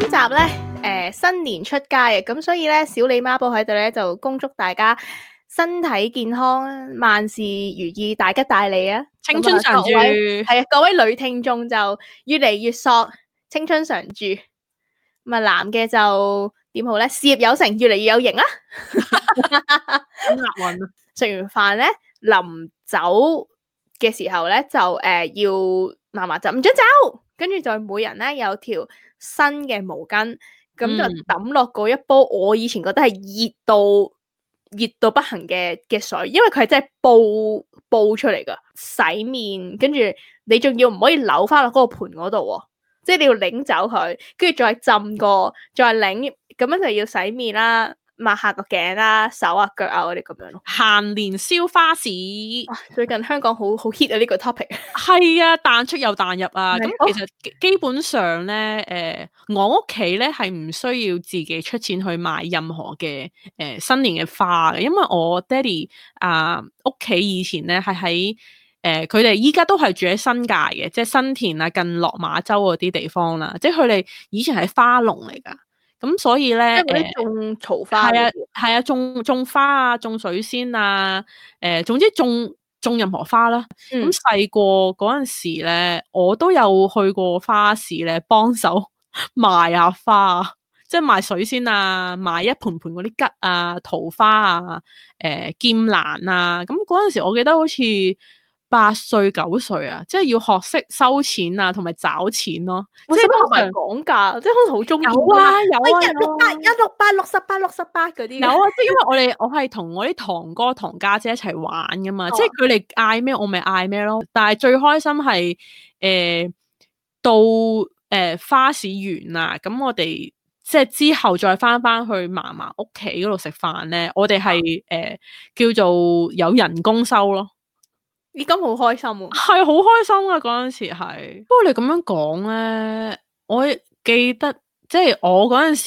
今集咧，誒、呃，新年出街啊，咁所以咧，小李孖寶喺度咧就恭祝大家身體健康，萬事如意，大吉大利啊！青春常駐，係啊、嗯哎，各位女聽眾就越嚟越索，青春常駐。咁、嗯、啊，男嘅就點好咧？事業有成，越嚟越有型啊！好押韻啊！食完飯咧，臨走嘅時候咧，就誒要嫲嫲就唔准走，跟住就每人咧有條。新嘅毛巾，咁就抌落嗰一煲，嗯、我以前覺得係熱到熱到不行嘅嘅水，因為佢係真係煲煲出嚟噶，洗面，跟住你仲要唔可以扭翻落嗰個盆嗰度啊，即係你要擰走佢，跟住再浸過，再擰，咁樣就要洗面啦。抹下個頸啦、手啊、腳啊嗰啲咁樣咯。行年宵花市，啊，最近香港好好 hit 啊！呢、呢個 topic 係 啊，彈出又彈入啊。咁、啊、其實基本上咧，誒、呃、我屋企咧係唔需要自己出錢去買任何嘅誒、呃、新年嘅花嘅，因為我 daddy 啊屋企以前咧係喺誒佢哋依家都係住喺新界嘅，即係新田啊、近落馬洲嗰啲地方啦。即係佢哋以前係花農嚟㗎。咁所以咧，種桃花係、呃、啊，係啊，種種花啊，種水仙啊，誒、呃，總之種種任何花啦。咁細個嗰陣時咧，我都有去過花市咧，幫手賣啊花，即係賣水仙啊，賣一盆盆嗰啲桔啊，桃花啊，誒、呃，劍蘭啊。咁嗰陣時，我記得好似。八歲九歲啊，即係要學識收錢啊，同埋找錢咯、啊啊。即係幫人講價，即係可能好中意。有有一六八一六八六十八六十八啲。有啊，即係因為我哋我係同我啲堂哥堂家姐,姐一齊玩噶嘛，哦、即係佢哋嗌咩我咪嗌咩咯。但係最開心係誒、呃、到誒、呃、花市完啊，咁我哋即係之後再翻翻去嫲嫲屋企嗰度食飯咧，我哋係誒叫做有人工收咯。依家好開心啊！係好開心啊！嗰陣時係不過你咁樣講咧，我記得即係我嗰陣時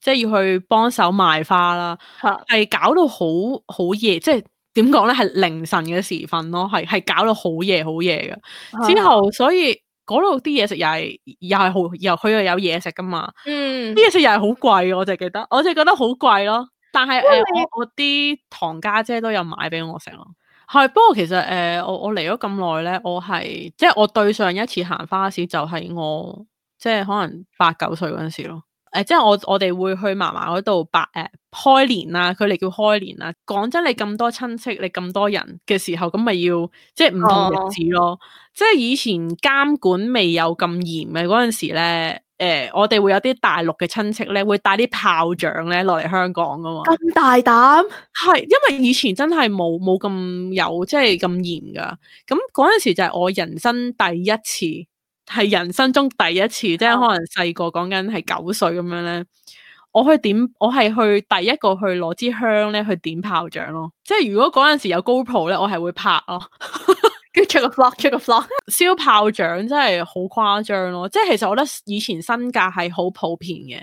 即係要去幫手賣花啦，係是搞到好好夜，即係點講咧？係凌晨嘅時分咯，係係搞到好夜好夜嘅。是之後所以嗰度啲嘢食又係又係好又佢又有嘢食㗎嘛，嗯，啲嘢食又係好貴，我就記得，我就覺得好貴咯。但係你、呃、我我啲堂家姐都有買俾我食咯。係，不過其實誒、呃，我我嚟咗咁耐咧，我係即係我對上一次行花市就係我即係可能八九歲嗰陣時咯。誒、呃，即係我我哋會去嫲嫲嗰度拜誒開年啦、啊，佢哋叫開年啦、啊。講真，你咁多親戚，你咁多人嘅時候，咁咪要即係唔同日子咯。Oh. 即係以前監管未有咁嚴嘅嗰陣時咧。誒、呃，我哋會有啲大陸嘅親戚咧，會帶啲炮仗咧落嚟香港噶嘛？咁大膽？係，因為以前真係冇冇咁有，即係咁嚴噶。咁嗰陣時就係我人生第一次，係人生中第一次，嗯、即係可能細個講緊係九歲咁樣咧。我去點？我係去第一個去攞支香咧去點炮仗咯。即係如果嗰陣時有 GoPro 咧，我係會拍咯。出 個 flock，出個 flock，燒 炮仗真係好誇張咯！即係其實我覺得以前身價係好普遍嘅。